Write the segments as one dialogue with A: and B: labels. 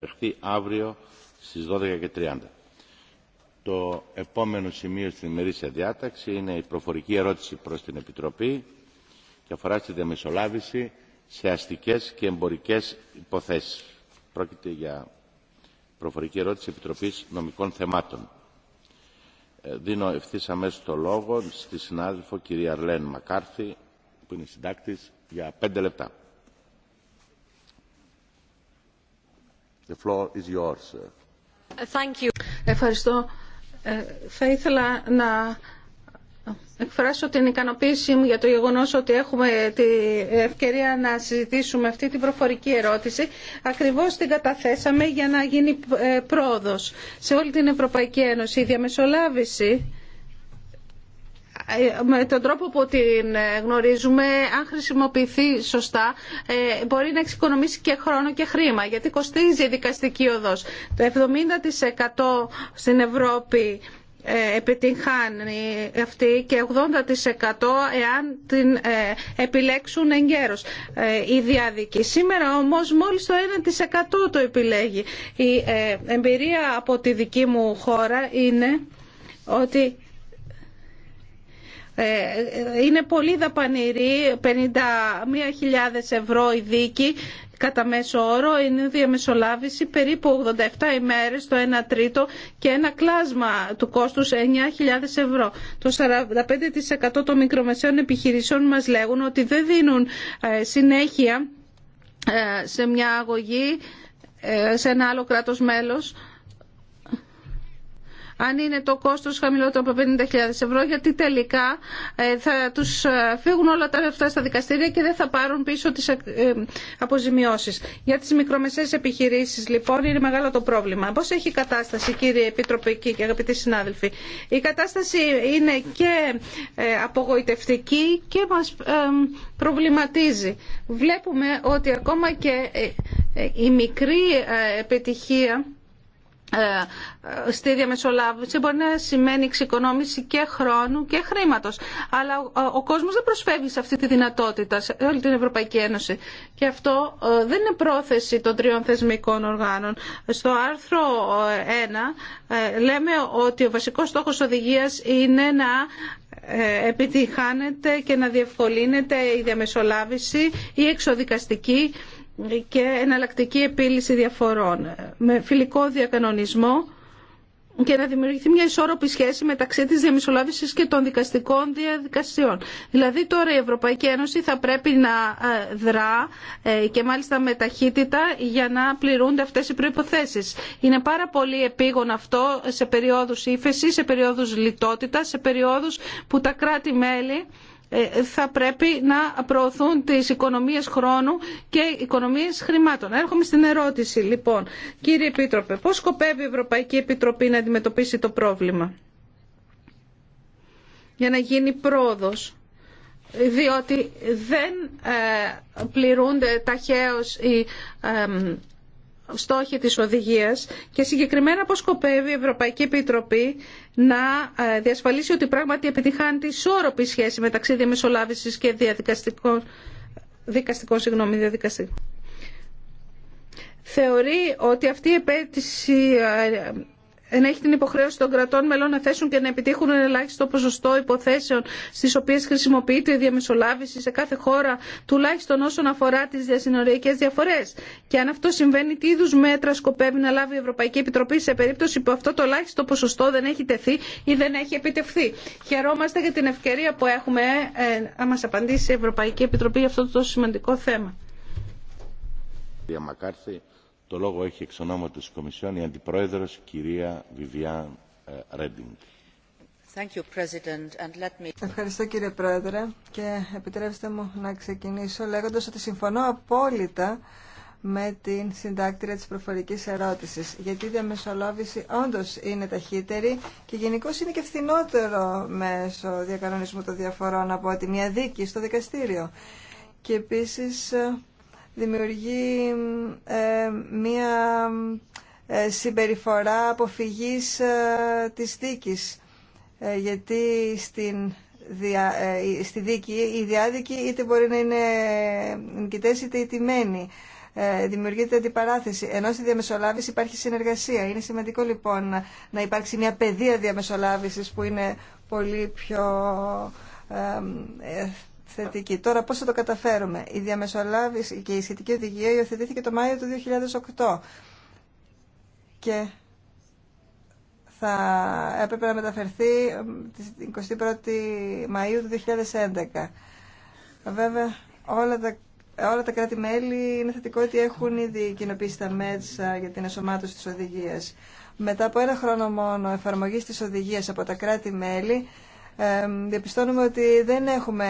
A: Ευχθεί αύριο στις 12.30. Το επόμενο σημείο στην ημερήσια διάταξη είναι η προφορική ερώτηση προς την Επιτροπή και αφορά στη διαμεσολάβηση σε αστικές και εμπορικές υποθέσεις. Πρόκειται για προφορική ερώτηση Επιτροπής Νομικών Θεμάτων. Ε, δίνω ευθύ αμέσω το λόγο στη συνάδελφο κυρία Αρλέν Μακάρθη, που είναι συντάκτης, για πέντε λεπτά.
B: Ευχαριστώ. Ε, θα ήθελα να εκφράσω την ικανοποίησή μου για το γεγονός ότι έχουμε την ευκαιρία να συζητήσουμε αυτή την προφορική ερώτηση. Ακριβώς την καταθέσαμε για να γίνει ε, πρόοδος σε όλη την Ευρωπαϊκή Ένωση. Η διαμεσολάβηση ε, με τον τρόπο που την ε, γνωρίζουμε, αν χρησιμοποιηθεί σωστά, ε, μπορεί να εξοικονομήσει και χρόνο και χρήμα, γιατί κοστίζει η δικαστική οδός. Το 70% στην Ευρώπη επιτυγχάνει αυτή και 80% εάν την επιλέξουν εγκαίρως η διάδικη. Σήμερα όμως μόλις το 1% το επιλέγει. Η εμπειρία από τη δική μου χώρα είναι ότι ε, είναι πολύ δαπανηρή, 51.000 ευρώ η δίκη κατά μέσο όρο, είναι διαμεσολάβηση περίπου 87 ημέρες το 1 τρίτο και ένα κλάσμα του κόστους 9.000 ευρώ. Το 45% των μικρομεσαίων επιχειρήσεων μας λέγουν ότι δεν δίνουν ε, συνέχεια ε, σε μια αγωγή σε ένα άλλο κράτος μέλος αν είναι το κόστος χαμηλότερο από 50.000 ευρώ γιατί τελικά ε, θα τους ε, φύγουν όλα τα λεφτά στα δικαστήρια και δεν θα πάρουν πίσω τις ε, αποζημιώσεις. Για τις μικρομεσαίες επιχειρήσεις λοιπόν είναι μεγάλο το πρόβλημα. Πώς έχει η κατάσταση κύριε Επίτροπε και αγαπητοί συνάδελφοι. Η κατάσταση είναι και απογοητευτική και μας προβληματίζει. Βλέπουμε ότι ακόμα και η μικρή επιτυχία ε, ε, στη διαμεσολάβηση μπορεί να σημαίνει εξοικονόμηση και χρόνου και χρήματος. Αλλά ο κόσμος δεν προσφεύγει σε αυτή τη δυνατότητα σε όλη την Ευρωπαϊκή Ένωση. Και αυτό ε, δεν είναι πρόθεση των τριών θεσμικών οργάνων. Στο άρθρο 1 λέμε ότι ο βασικός στόχος οδηγίας είναι να επιτυχάνεται και να διευκολύνεται η διαμεσολάβηση, η εξοδικαστική και εναλλακτική επίλυση διαφορών ε, με φιλικό διακανονισμό και να δημιουργηθεί μια ισόρροπη σχέση μεταξύ της διαμεσολάβησης και των δικαστικών διαδικασιών. Δηλαδή τώρα η Ευρωπαϊκή Ένωση θα πρέπει να ε, δρά ε, και μάλιστα με ταχύτητα για να πληρούνται αυτές οι προϋποθέσεις. Είναι πάρα πολύ επίγον αυτό σε περίοδους ύφεση, σε περίοδους λιτότητας, σε περίοδους που τα κράτη-μέλη ε, θα πρέπει να προωθούν τις οικονομίες χρόνου και οικονομίες χρημάτων. Έρχομαι στην ερώτηση λοιπόν. Κύριε Επίτροπε, πώς σκοπεύει η Ευρωπαϊκή Επιτροπή να αντιμετωπίσει το πρόβλημα για να γίνει πρόοδος διότι δεν ε, πληρούνται ταχαίως οι ε, στόχοι της οδηγίας και συγκεκριμένα πώς σκοπεύει η Ευρωπαϊκή Επιτροπή να ε, διασφαλίσει ότι πράγματι τη ισόρροπη σχέση μεταξύ διαμεσολάβησης και διαδικαστικών, δικαστικών, συγγνώμη, Θεωρεί ότι αυτή η επέτηση ε, να έχει την υποχρέωση των κρατών μελών να θέσουν και να επιτύχουν ένα ελάχιστο ποσοστό υποθέσεων στις οποίες χρησιμοποιείται η διαμεσολάβηση σε κάθε χώρα, τουλάχιστον όσον αφορά τις διασυνοριακές διαφορές. Και αν αυτό συμβαίνει, τι είδου μέτρα σκοπεύει να λάβει η Ευρωπαϊκή Επιτροπή σε περίπτωση που αυτό το ελάχιστο ποσοστό δεν έχει τεθεί ή δεν έχει επιτευχθεί. Χαιρόμαστε για την ευκαιρία που έχουμε ε, να μας απαντήσει η Ευρωπαϊκή Επιτροπή για αυτό το σημαντικό θέμα.
A: Το λόγο έχει εξ ονόματος της Κομισιόν η Αντιπρόεδρος κυρία Βιβιάν Ρέντινγκ.
C: Ε, Ευχαριστώ κύριε Πρόεδρε και επιτρέψτε μου να ξεκινήσω λέγοντας ότι συμφωνώ απόλυτα με την συντάκτρια της προφορικής ερώτησης γιατί η διαμεσολόβηση όντως είναι ταχύτερη και γενικώ είναι και φθηνότερο μέσω διακανονισμού των διαφορών από ότι μια δίκη στο δικαστήριο και επίσης δημιουργεί ε, μία ε, συμπεριφορά αποφυγής ε, της δίκης. Γιατί στην στη δίκη, οι διάδικη είτε μπορεί να είναι νικητές είτε ιτημένοι. Δημιουργείται αντιπαράθεση. Ενώ στη διαμεσολάβηση υπάρχει συνεργασία. Είναι σημαντικό λοιπόν να υπάρξει μια πεδία διαμεσολάβησης που είναι πολύ πιο θετική. Τώρα πώς θα το καταφέρουμε. Η διαμεσολάβηση και η σχετική οδηγία υιοθετήθηκε το Μάιο του 2008 και θα έπρεπε να μεταφερθεί την 21η Μαΐου του 2011. Βέβαια όλα τα όλα τα κράτη-μέλη είναι θετικό ότι έχουν ήδη κοινοποιήσει τα μέτσα για την εσωμάτωση της οδηγίας. Μετά από ένα χρόνο μόνο εφαρμογής της οδηγίας από τα κράτη-μέλη, διαπιστώνουμε ότι δεν έχουμε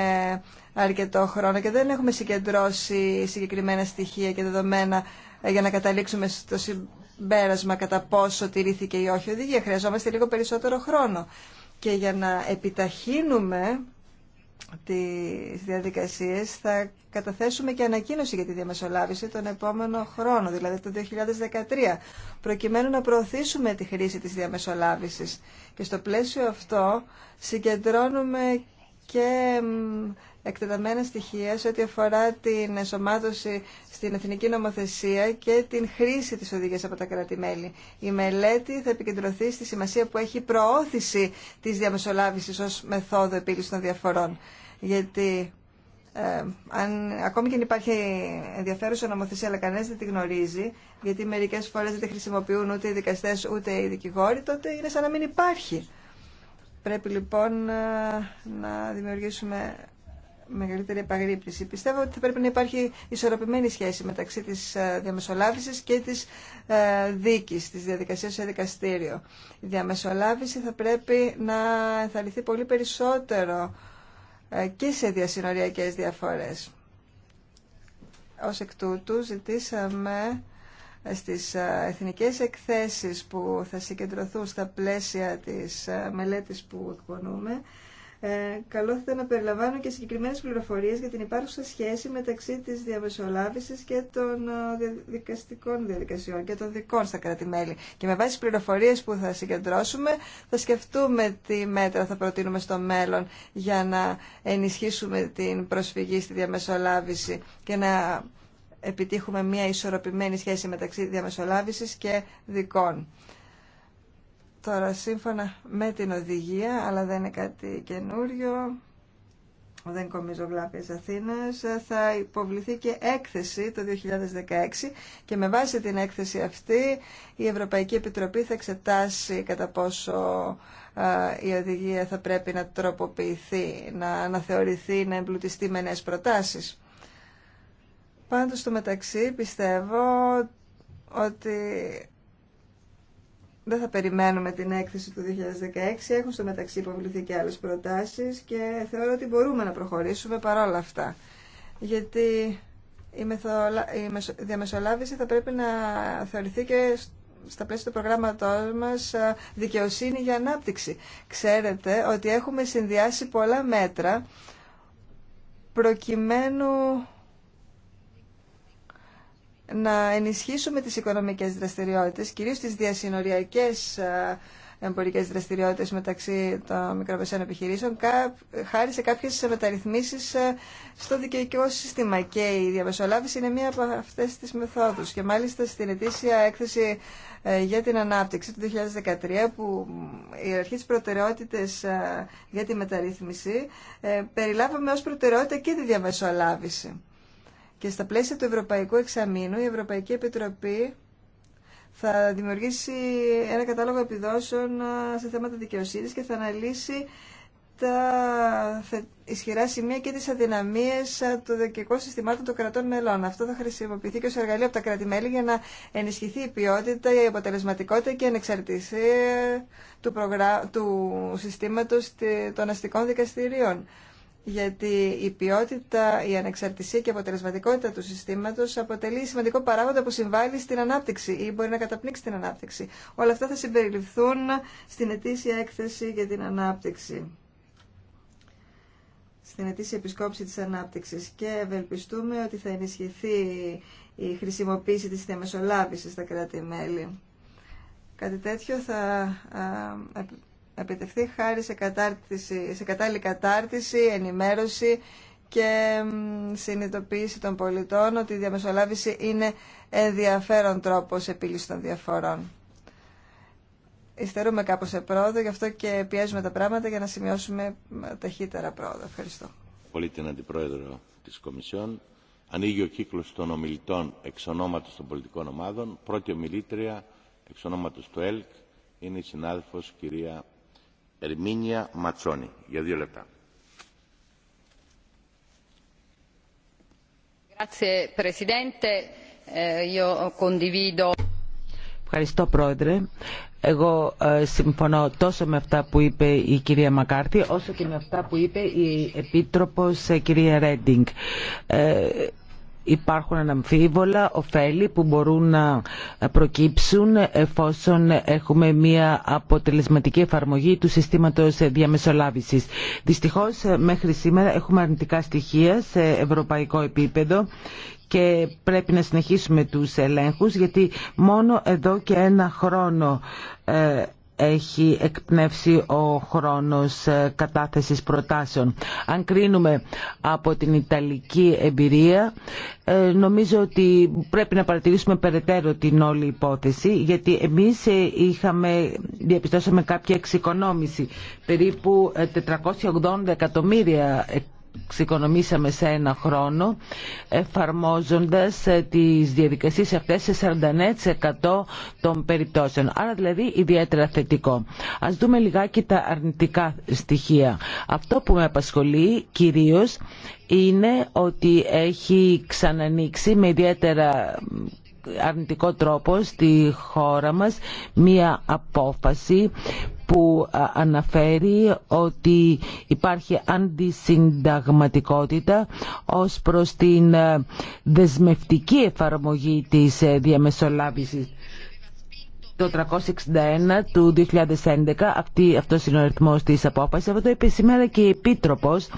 C: αρκετό χρόνο και δεν έχουμε συγκεντρώσει συγκεκριμένα στοιχεία και δεδομένα ε, για να καταλήξουμε στο συμπέρασμα κατά πόσο τηρήθηκε ή όχι οδηγία. Χρειαζόμαστε λίγο περισσότερο χρόνο. Και για να επιταχύνουμε τις διαδικασίες θα καταθέσουμε και ανακοίνωση για τη διαμεσολάβηση τον επόμενο χρόνο, δηλαδή το 2013, προκειμένου να προωθήσουμε τη χρήση της διαμεσολάβησης. Και στο πλαίσιο αυτό συγκεντρώνουμε και εκτεταμένα στοιχεία σε ό,τι αφορά την ενσωμάτωση στην εθνική νομοθεσία και την χρήση της οδηγίας από τα κράτη-μέλη. Η μελέτη θα επικεντρωθεί στη σημασία που έχει η προώθηση της διαμεσολάβησης ως μεθόδου επίλυσης των διαφορών. Γιατί ε, αν, ακόμη και αν υπάρχει ενδιαφέρουσα νομοθεσία, αλλά κανένα δεν τη γνωρίζει, γιατί μερικέ φορέ δεν τη χρησιμοποιούν ούτε οι δικαστέ ούτε οι δικηγόροι, τότε είναι σαν να μην υπάρχει. Πρέπει λοιπόν ε, να δημιουργήσουμε μεγαλύτερη επαγρύπνηση. Πιστεύω ότι θα πρέπει να υπάρχει ισορροπημένη σχέση μεταξύ της ε, διαμεσολάβηση και της ε, δίκη, της διαδικασία σε δικαστήριο. Η διαμεσολάβηση θα πρέπει να ενθαρρυνθεί πολύ περισσότερο ε, και σε διασυνοριακέ διαφορές. Ω εκ τούτου ζητήσαμε στις εθνικές εκθέσεις που θα συγκεντρωθούν στα πλαίσια της μελέτης που εκπονούμε ε, καλό θα ήταν να περιλαμβάνουν και συγκεκριμένες πληροφορίες για την υπάρχουσα σχέση μεταξύ της διαμεσολάβηση και των ε, δικαστικών διαδικασιών και των δικών στα κράτη-μέλη. Και με βάση τις πληροφορίες που θα συγκεντρώσουμε θα σκεφτούμε τι μέτρα θα προτείνουμε στο μέλλον για να ενισχύσουμε την προσφυγή στη διαμεσολάβηση και να επιτύχουμε μια ισορροπημένη σχέση μεταξύ διαμεσολάβηση και δικών. Τώρα, σύμφωνα με την οδηγία, αλλά δεν είναι κάτι καινούριο, δεν κομίζω βλάπιες Αθήνας, θα υποβληθεί και έκθεση το 2016 και με βάση την έκθεση αυτή η Ευρωπαϊκή Επιτροπή θα εξετάσει κατά πόσο η οδηγία θα πρέπει να τροποποιηθεί, να αναθεωρηθεί, να εμπλουτιστεί με νέες προτάσεις. Πάντως, στο μεταξύ, πιστεύω ότι δεν θα περιμένουμε την έκθεση του 2016. Έχουν στο μεταξύ υποβληθεί και άλλες προτάσεις και θεωρώ ότι μπορούμε να προχωρήσουμε παρόλα αυτά. Γιατί η, μεθολα... η διαμεσολάβηση θα πρέπει να θεωρηθεί και στα πλαίσια του προγράμματός μας δικαιοσύνη για ανάπτυξη. Ξέρετε ότι έχουμε συνδυάσει πολλά μέτρα προκειμένου να ενισχύσουμε τις οικονομικές δραστηριότητες, κυρίως τις διασυνοριακές ε, εμπορικές δραστηριότητες μεταξύ των μικρομεσαίων επιχειρήσεων χάρη σε κάποιες μεταρρυθμίσεις ε, στο δικαιωτικό σύστημα και η διαμεσολάβηση είναι μία από αυτές τις μεθόδους και μάλιστα στην ετήσια έκθεση ε, για την ανάπτυξη του 2013 που η αρχή της προτεραιότητες για τη μεταρρύθμιση περιλάβαμε ως προτεραιότητα και τη διαμεσολάβηση. Και στα πλαίσια του Ευρωπαϊκού Εξαμήνου η Ευρωπαϊκή Επιτροπή θα δημιουργήσει ένα κατάλογο επιδόσεων σε θέματα δικαιοσύνης και θα αναλύσει τα ισχυρά σημεία και τις αδυναμίες του δικαιωτικού συστημάτων των κρατών μελών. Αυτό θα χρησιμοποιηθεί και ως εργαλείο από τα κράτη-μέλη για να ενισχυθεί η ποιότητα, η αποτελεσματικότητα και η ανεξαρτησία του, προγρά... του συστήματος των αστικών δικαστηρίων γιατί η ποιότητα, η ανεξαρτησία και η αποτελεσματικότητα του συστήματος αποτελεί σημαντικό παράγοντα που συμβάλλει στην ανάπτυξη ή μπορεί να καταπνίξει την ανάπτυξη. Όλα αυτά θα συμπεριληφθούν στην ετήσια έκθεση για την ανάπτυξη στην ετήσια επισκόψη της ανάπτυξης και ευελπιστούμε ότι θα ενισχυθεί η χρησιμοποίηση τη διαμεσολάβηση στα κράτη-μέλη. Κάτι τέτοιο θα να επιτευχθεί χάρη σε, κατάρτιση, σε κατάλληλη κατάρτιση, ενημέρωση και συνειδητοποίηση των πολιτών ότι η διαμεσολάβηση είναι ενδιαφέρον τρόπος επίλυση των διαφορών. Ιστερούμε κάπως σε πρόοδο, γι' αυτό και πιέζουμε τα πράγματα για να σημειώσουμε ταχύτερα πρόοδο. Ευχαριστώ.
A: Πολύ την Αντιπρόεδρο της Κομισιόν. Ανοίγει ο κύκλος των ομιλητών εξ ονόματος των πολιτικών ομάδων. Πρώτη ομιλήτρια εξ ονόματος του ΕΛΚ είναι η συνάδελφος κυρία Ματσόνη. Για δύο λεπτά.
B: Ε,
D: Ευχαριστώ, Πρόεδρε. Εγώ ε, συμφωνώ τόσο με αυτά που είπε η κυρία Μακάρτη, όσο και με αυτά που είπε η Επίτροπος ε, κυρία Ρέντινγκ υπάρχουν αναμφίβολα ωφέλη που μπορούν να προκύψουν εφόσον έχουμε μια αποτελεσματική εφαρμογή του συστήματος διαμεσολάβησης. Δυστυχώς μέχρι σήμερα έχουμε αρνητικά στοιχεία σε ευρωπαϊκό επίπεδο και πρέπει να συνεχίσουμε τους ελέγχους γιατί μόνο εδώ και ένα χρόνο ε, έχει εκπνεύσει ο χρόνος ε, κατάθεσης προτάσεων. Αν κρίνουμε από την Ιταλική εμπειρία, ε, νομίζω ότι πρέπει να παρατηρήσουμε περαιτέρω την όλη υπόθεση, γιατί εμείς ε, είχαμε, διαπιστώσαμε κάποια εξοικονόμηση, περίπου 480 εκατομμύρια ξεκονομήσαμε σε ένα χρόνο εφαρμόζοντας ε, τις διαδικασίες αυτές σε 49% των περιπτώσεων. Άρα δηλαδή ιδιαίτερα θετικό. Ας δούμε λιγάκι τα αρνητικά στοιχεία. Αυτό που με απασχολεί κυρίως είναι ότι έχει ξανανοίξει με ιδιαίτερα αρνητικό τρόπο στη χώρα μας μία απόφαση που αναφέρει ότι υπάρχει αντισυνταγματικότητα ως προς την δεσμευτική εφαρμογή της ε, διαμεσολάβησης. Το 361 του 2011, αυτή, αυτός είναι ο αριθμός της απόφασης, αυτό το είπε σήμερα και η Επίτροπος,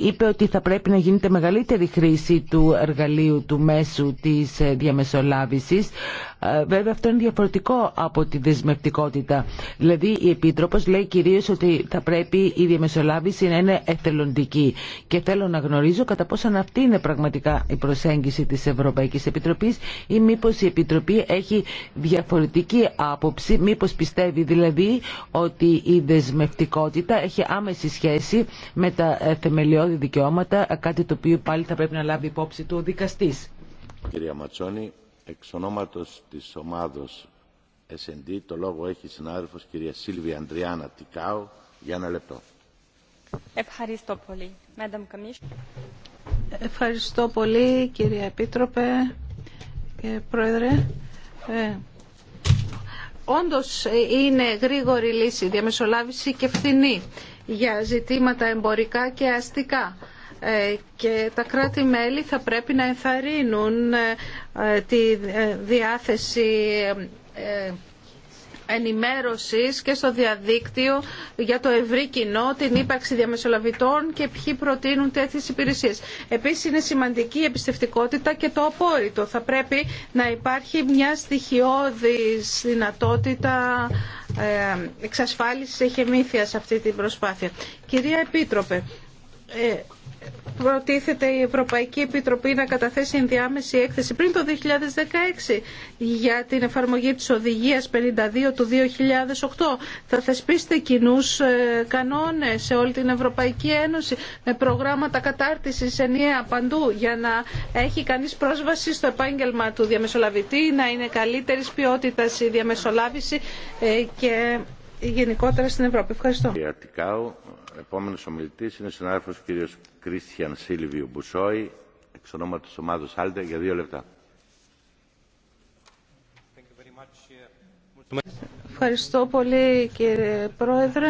D: είπε ότι θα πρέπει να γίνεται μεγαλύτερη χρήση του εργαλείου του μέσου της ε, διαμεσολάβησης Βέβαια αυτό είναι διαφορετικό από τη δεσμευτικότητα. Δηλαδή η Επίτροπος λέει κυρίως ότι θα πρέπει η διαμεσολάβηση να είναι εθελοντική και θέλω να γνωρίζω κατά πόσο αυτή είναι πραγματικά η προσέγγιση της Ευρωπαϊκής Επιτροπής ή μήπως η Επιτροπή έχει διαφορετική άποψη, μήπως πιστεύει δηλαδή ότι η δεσμευτικότητα έχει άμεση σχέση με τα ε, θεμελιώδη δικαιώματα, κάτι το οποίο πάλι θα πρέπει να
A: λάβει υπόψη του
D: ο δικαστής.
A: Κυρία Ματσόνη, Εξ ονόματος της ομάδος S&D το λόγο έχει η συνάδελφος κυρία Σίλβια Αντριάνα Τικάου για ένα λεπτό.
B: Ευχαριστώ πολύ. Ευχαριστώ πολύ κύριε Επίτροπε και Πρόεδρε. Ε, όντως είναι γρήγορη λύση, διαμεσολάβηση και φθηνή για ζητήματα εμπορικά και αστικά ε, και τα κράτη-μέλη θα πρέπει να ενθαρρύνουν ε, τη ε, διάθεση ενημέρωσης και στο διαδίκτυο για το ευρύ κοινό, την ύπαρξη διαμεσολαβητών και ποιοι προτείνουν τέτοιες υπηρεσίες. Επίσης είναι σημαντική η εμπιστευτικότητα και το απόρριτο. Θα πρέπει να υπάρχει μια στοιχειώδης δυνατότητα εξασφάλισης εχεμήθειας σε αυτή την προσπάθεια. Κυρία Επίτροπε, ε, προτίθεται η Ευρωπαϊκή Επιτροπή να καταθέσει ενδιάμεση έκθεση πριν το 2016 για την εφαρμογή της Οδηγίας 52 του 2008. Θα θεσπίσετε κοινού ε, κανόνες σε όλη την Ευρωπαϊκή Ένωση με προγράμματα κατάρτισης ενιαία παντού για να έχει κανείς πρόσβαση στο επάγγελμα του διαμεσολαβητή, να είναι καλύτερης ποιότητας η διαμεσολάβηση ε, και γενικότερα στην Ευρώπη. Ευχαριστώ.
A: Επόμενος ομιλητή είναι ο συνάδελφος κ. Κρίστιαν Σίλβιο Μπουσόη, εξ ονόματος ομάδος Άλτε, για δύο λεπτά.
B: Ευχαριστώ πολύ κύριε Πρόεδρε.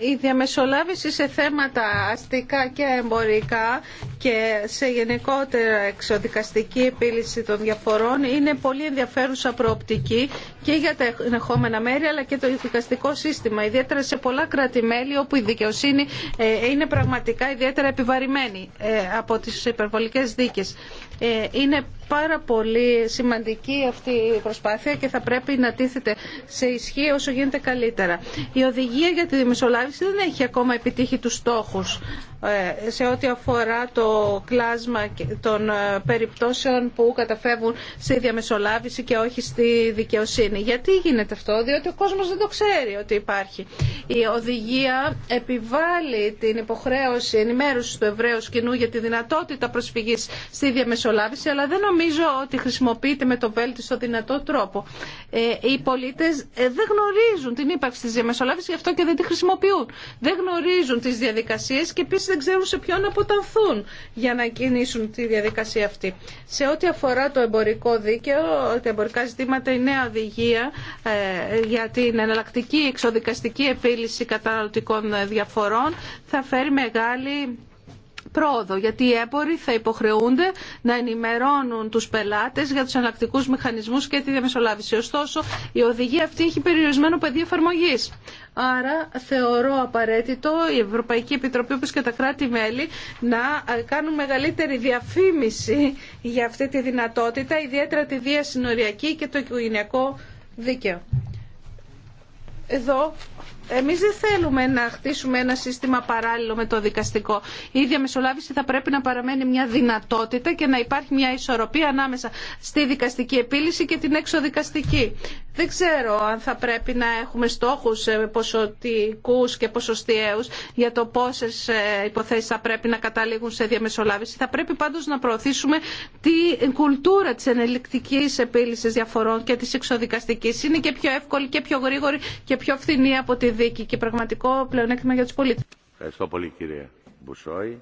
B: Η διαμεσολάβηση σε θέματα αστικά και εμπορικά και σε γενικότερα εξοδικαστική επίλυση των διαφορών είναι πολύ ενδιαφέρουσα προοπτική και για τα ενεχόμενα μέρη αλλά και το δικαστικό σύστημα, ιδιαίτερα σε πολλά κράτη-μέλη όπου η δικαιοσύνη ε, είναι πραγματικά ιδιαίτερα επιβαρημένη ε, από τις υπερβολικές δίκες. Ε, είναι πάρα πολύ σημαντική αυτή η προσπάθεια και θα πρέπει να τίθεται σε ισχύ όσο γίνεται καλύτερα. Η οδηγία για τη δημοσιολάβηση δεν έχει ακόμα επιτύχει τους στόχους ε, σε ό,τι αφορά το κλάσμα των ε, περιπτώσεων που καταφεύγουν στη διαμεσολάβηση και όχι στη δικαιοσύνη. Γιατί γίνεται αυτό, διότι ο κόσμος δεν το ξέρει ότι υπάρχει. Η οδηγία επιβάλλει την υποχρέωση ενημέρωση του Εβραίου κοινού για τη δυνατότητα προσφυγής στη διαμεσολάβηση, αλλά δεν νομίζω ότι χρησιμοποιείται με το βέλτιστο δυνατό τρόπο. Ε, οι πολίτες δεν γνωρίζουν την ύπαρξη της διαμεσολάβησης, γι' αυτό και δεν τη χρησιμοποιούν. Δεν γνωρίζουν τις διαδικασίες και επίση δεν ξέρουν σε ποιον αποταθούν για να κινήσουν τη διαδικασία αυτή. Σε ό,τι αφορά το εμπορικό δίκαιο, τα εμπορικά ζητήματα, η νέα οδηγία ε, για την εναλλακτική εξοδικαστική επίλυση καταναλωτικών διαφορών θα φέρει μεγάλη πρόοδο, γιατί οι έμποροι θα υποχρεούνται να ενημερώνουν τους πελάτες για τους ανακτικούς μηχανισμούς και τη διαμεσολάβηση. Ωστόσο, η οδηγία αυτή έχει περιορισμένο πεδίο εφαρμογή. Άρα θεωρώ απαραίτητο η Ευρωπαϊκή Επιτροπή όπως και τα κράτη-μέλη να κάνουν μεγαλύτερη διαφήμιση για αυτή τη δυνατότητα, ιδιαίτερα τη διασυνοριακή και το οικογενειακό δίκαιο. Εδώ εμείς δεν θέλουμε να χτίσουμε ένα σύστημα παράλληλο με το δικαστικό. Η διαμεσολάβηση θα πρέπει να παραμένει μια δυνατότητα και να υπάρχει μια ισορροπία ανάμεσα στη δικαστική επίλυση και την εξοδικαστική. Δεν ξέρω αν θα πρέπει να έχουμε στόχους ε, ποσοτικούς και ποσοστιαίου για το πόσες ε, υποθέσεις θα πρέπει να καταλήγουν σε διαμεσολάβηση. Θα πρέπει πάντως να προωθήσουμε τη κουλτούρα της ενελικτικής επίλυσης διαφορών και της εξοδικαστικής. Είναι και πιο εύκολη και πιο γρήγορη και πιο φθηνή από τη δίκη και πραγματικό πλεονέκτημα για τους πολίτες.
A: Ευχαριστώ πολύ κύριε Μπουσόη.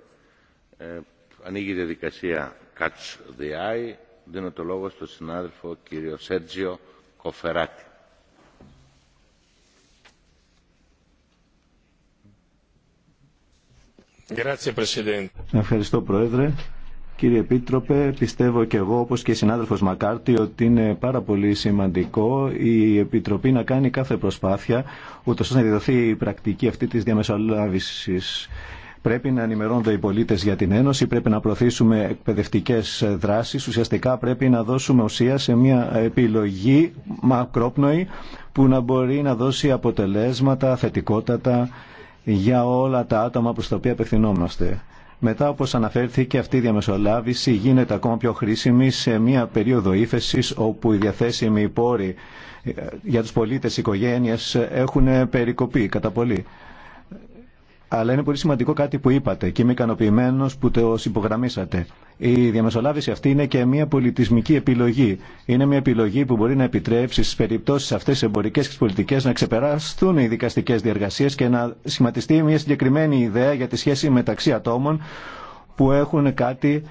A: Ε, ανοίγει η διαδικασία Catch the Eye. Δίνω το λόγο στον συνάδελφο κύριο Σέρτζιο Κοφεράτη.
E: Ευχαριστώ Πρόεδρε. Κύριε Επίτροπε, πιστεύω και εγώ, όπως και η συνάδελφος Μακάρτη, ότι είναι πάρα πολύ σημαντικό η Επιτροπή να κάνει κάθε προσπάθεια, ούτως ώστε να διδοθεί η πρακτική αυτή της διαμεσολάβησης. Πρέπει να ενημερώνονται οι πολίτες για την Ένωση, πρέπει να προωθήσουμε εκπαιδευτικέ δράσεις, Ουσιαστικά πρέπει να δώσουμε ουσία σε μια επιλογή μακρόπνοη που να μπορεί να δώσει αποτελέσματα θετικότατα για όλα τα άτομα προς τα οποία απευθυνόμαστε. Μετά, όπως αναφέρθηκε, αυτή η διαμεσολάβηση γίνεται ακόμα πιο χρήσιμη σε μια περίοδο ύφεση όπου οι διαθέσιμοι πόροι ε, για τους πολίτες, οικογένειας έχουν περικοπεί κατά πολύ. Αλλά είναι πολύ σημαντικό κάτι που είπατε και είμαι ικανοποιημένο που το υπογραμμίσατε. Η διαμεσολάβηση αυτή είναι και μια πολιτισμική επιλογή. Είναι μια επιλογή που μπορεί να επιτρέψει στι περιπτώσει αυτέ τι εμπορικέ και πολιτικέ να ξεπεράσουν οι δικαστικέ διεργασίε και να σχηματιστεί μια συγκεκριμένη ιδέα για τη σχέση μεταξύ ατόμων που έχουν κάτι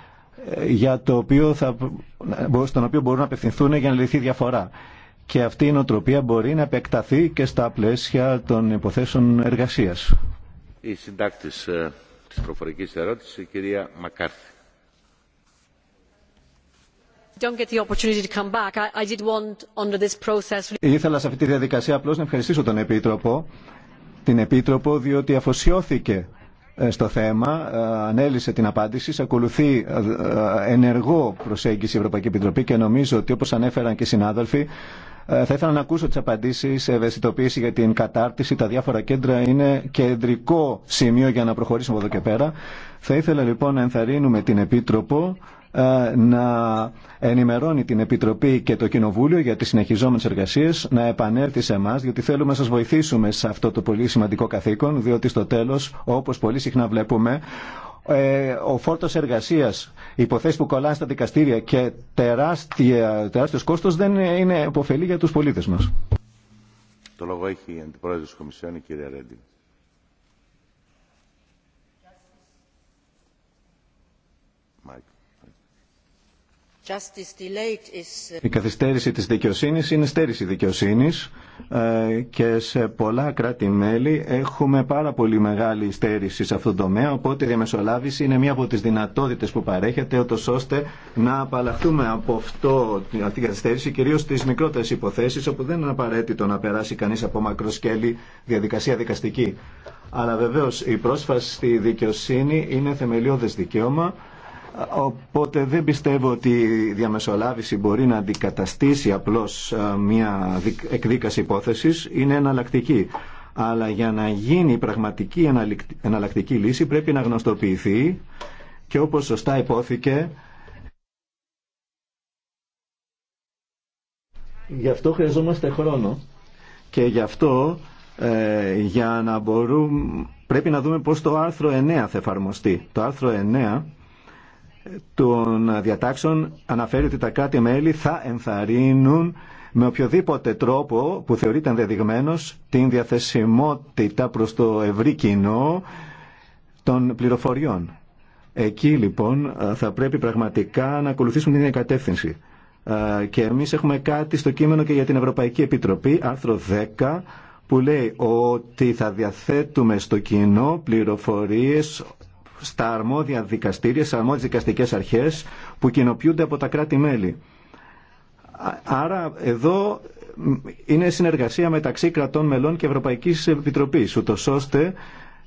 E: ε, για το οποίο θα, στον οποίο μπορούν να απευθυνθούν για να λυθεί διαφορά. Και αυτή η νοοτροπία μπορεί να επεκταθεί και στα πλαίσια των υποθέσεων εργασία
A: η συντάκτη ε, της προφορικής ερώτησης, η κυρία Μακάρθι.
E: Ήθελα σε αυτή τη διαδικασία απλώς να ευχαριστήσω τον Επίτροπο, την Επίτροπο διότι αφοσιώθηκε ε, στο θέμα, ε, ανέλησε την απάντηση, σε ακολουθεί ενεργό προσέγγιση η Ευρωπαϊκή Επιτροπή και νομίζω ότι όπως ανέφεραν και οι συνάδελφοι, ε, θα ήθελα να ακούσω τι απαντήσει σε ευαισθητοποίηση για την κατάρτιση. Τα διάφορα κέντρα είναι κεντρικό σημείο για να προχωρήσουμε από εδώ και πέρα. Θα ήθελα λοιπόν να ενθαρρύνουμε την Επίτροπο ε, να ενημερώνει την Επιτροπή και το Κοινοβούλιο για τις συνεχιζόμενες εργασίες, να επανέλθει σε εμά, διότι θέλουμε να σας βοηθήσουμε σε αυτό το πολύ σημαντικό καθήκον, διότι στο τέλος, όπως πολύ συχνά βλέπουμε, ε, ο φόρτος εργασίας, οι υποθέσεις που κολλάνε στα δικαστήρια και τεράστια, τεράστιος κόστος δεν είναι υποφελή για τους πολίτες μας.
A: Το λόγο έχει η Αντιπρόεδρος της Κομισιόν, η κυρία Ρέντι. Μάικ.
E: Uh, η καθυστέρηση της δικαιοσύνης είναι στέρηση δικαιοσύνης ε, και σε πολλά κράτη-μέλη έχουμε πάρα πολύ μεγάλη στέρηση σε αυτό το τομέα, οπότε η διαμεσολάβηση είναι μία από τις δυνατότητες που παρέχεται, ούτως ώστε να απαλλαχθούμε από αυτό, αυτή την καθυστέρηση, κυρίως στις μικρότερες υποθέσεις, όπου δεν είναι απαραίτητο να περάσει κανείς από μακροσκέλη διαδικασία δικαστική. Αλλά βεβαίως η πρόσφαση στη δικαιοσύνη είναι θεμελιώδες δικαίωμα, Οπότε δεν πιστεύω ότι η διαμεσολάβηση μπορεί να αντικαταστήσει απλώς ε, μια εκδίκαση υπόθεσης, είναι εναλλακτική. Αλλά για να γίνει η πραγματική εναλλακτική λύση πρέπει να γνωστοποιηθεί και όπως σωστά υπόθηκε Γι' αυτό χρειαζόμαστε χρόνο και γι' αυτό ε, για να μπορούμε πρέπει να δούμε πώς το άρθρο 9 θα εφαρμοστεί. Το άρθρο 9 των διατάξεων αναφέρει ότι τα κράτη-μέλη θα ενθαρρύνουν με οποιοδήποτε τρόπο που θεωρείται ενδεδειγμένο την διαθεσιμότητα προς το ευρύ κοινό των πληροφοριών. Εκεί λοιπόν θα πρέπει πραγματικά να ακολουθήσουμε την κατεύθυνση. Και εμείς έχουμε κάτι στο κείμενο και για την Ευρωπαϊκή Επιτροπή, άρθρο 10, που λέει ότι θα διαθέτουμε στο κοινό πληροφορίες στα αρμόδια δικαστήρια, στις αρμόδιες δικαστικές αρχές που κοινοποιούνται από τα κράτη-μέλη. Άρα εδώ είναι συνεργασία μεταξύ κρατών μελών και Ευρωπαϊκής Επιτροπής, ούτως ώστε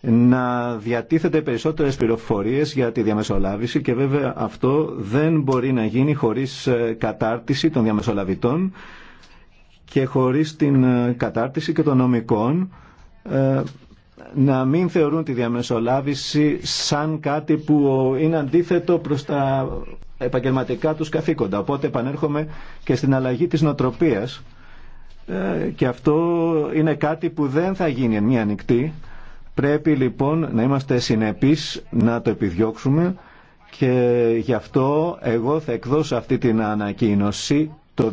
E: να διατίθεται περισσότερες πληροφορίες για τη διαμεσολάβηση και βέβαια αυτό δεν μπορεί να γίνει χωρίς ε, κατάρτιση των διαμεσολαβητών και χωρίς την ε, κατάρτιση και των νομικών ε, να μην θεωρούν τη διαμεσολάβηση σαν κάτι που είναι αντίθετο προς τα επαγγελματικά τους καθήκοντα. Οπότε επανέρχομαι και στην αλλαγή της νοτροπίας ε, και αυτό είναι κάτι που δεν θα γίνει εν μία νυχτή. Πρέπει λοιπόν να είμαστε συνεπείς να το επιδιώξουμε και γι' αυτό εγώ θα εκδώσω αυτή την ανακοίνωση το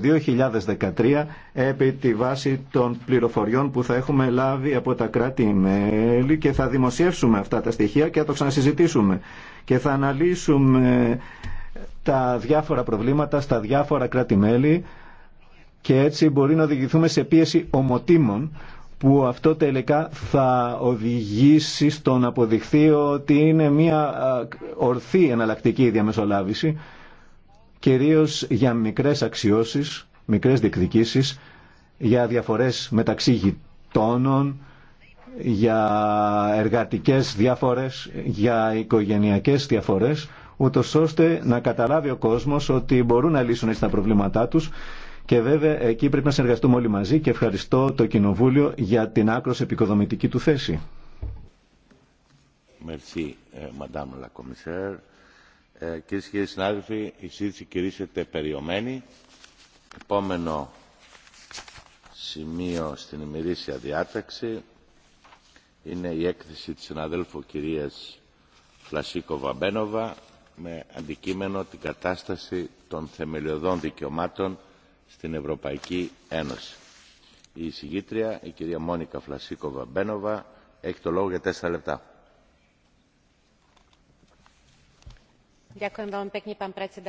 E: 2013 επί τη βάση των πληροφοριών που θα έχουμε λάβει από τα κράτη-μέλη και θα δημοσιεύσουμε αυτά τα στοιχεία και θα το ξανασυζητήσουμε και θα αναλύσουμε τα διάφορα προβλήματα στα διάφορα κράτη-μέλη και έτσι μπορεί να οδηγηθούμε σε πίεση ομοτήμων που αυτό τελικά θα οδηγήσει στο να αποδειχθεί ότι είναι μια ορθή εναλλακτική διαμεσολάβηση κυρίως για μικρές αξιώσεις, μικρές διεκδικήσεις, για διαφορές μεταξύ γειτόνων, για εργατικές διαφορές, για οικογενειακές διαφορές, ούτω ώστε να καταλάβει ο κόσμος ότι μπορούν να λύσουν έτσι τα προβλήματά τους και βέβαια εκεί πρέπει να συνεργαστούμε όλοι μαζί και ευχαριστώ το Κοινοβούλιο για την άκρος επικοδομητική του θέση.
A: Merci, ε, Madame la Κυρίε και κύριοι συνάδελφοι, η συζήτηση κηρύσσεται περιομένη. Επόμενο σημείο στην ημερήσια διάταξη είναι η έκθεση της συναδέλφου κυρίας Φλασίκοβα Μπένοβα με αντικείμενο την κατάσταση των θεμελιωδών δικαιωμάτων στην Ευρωπαϊκή Ένωση. Η εισηγήτρια, η κυρία Μόνικα Φλασίκοβα Μπένοβα, έχει το λόγο για τέσσερα λεπτά.
D: ďakujem veľmi pekne pán predseda.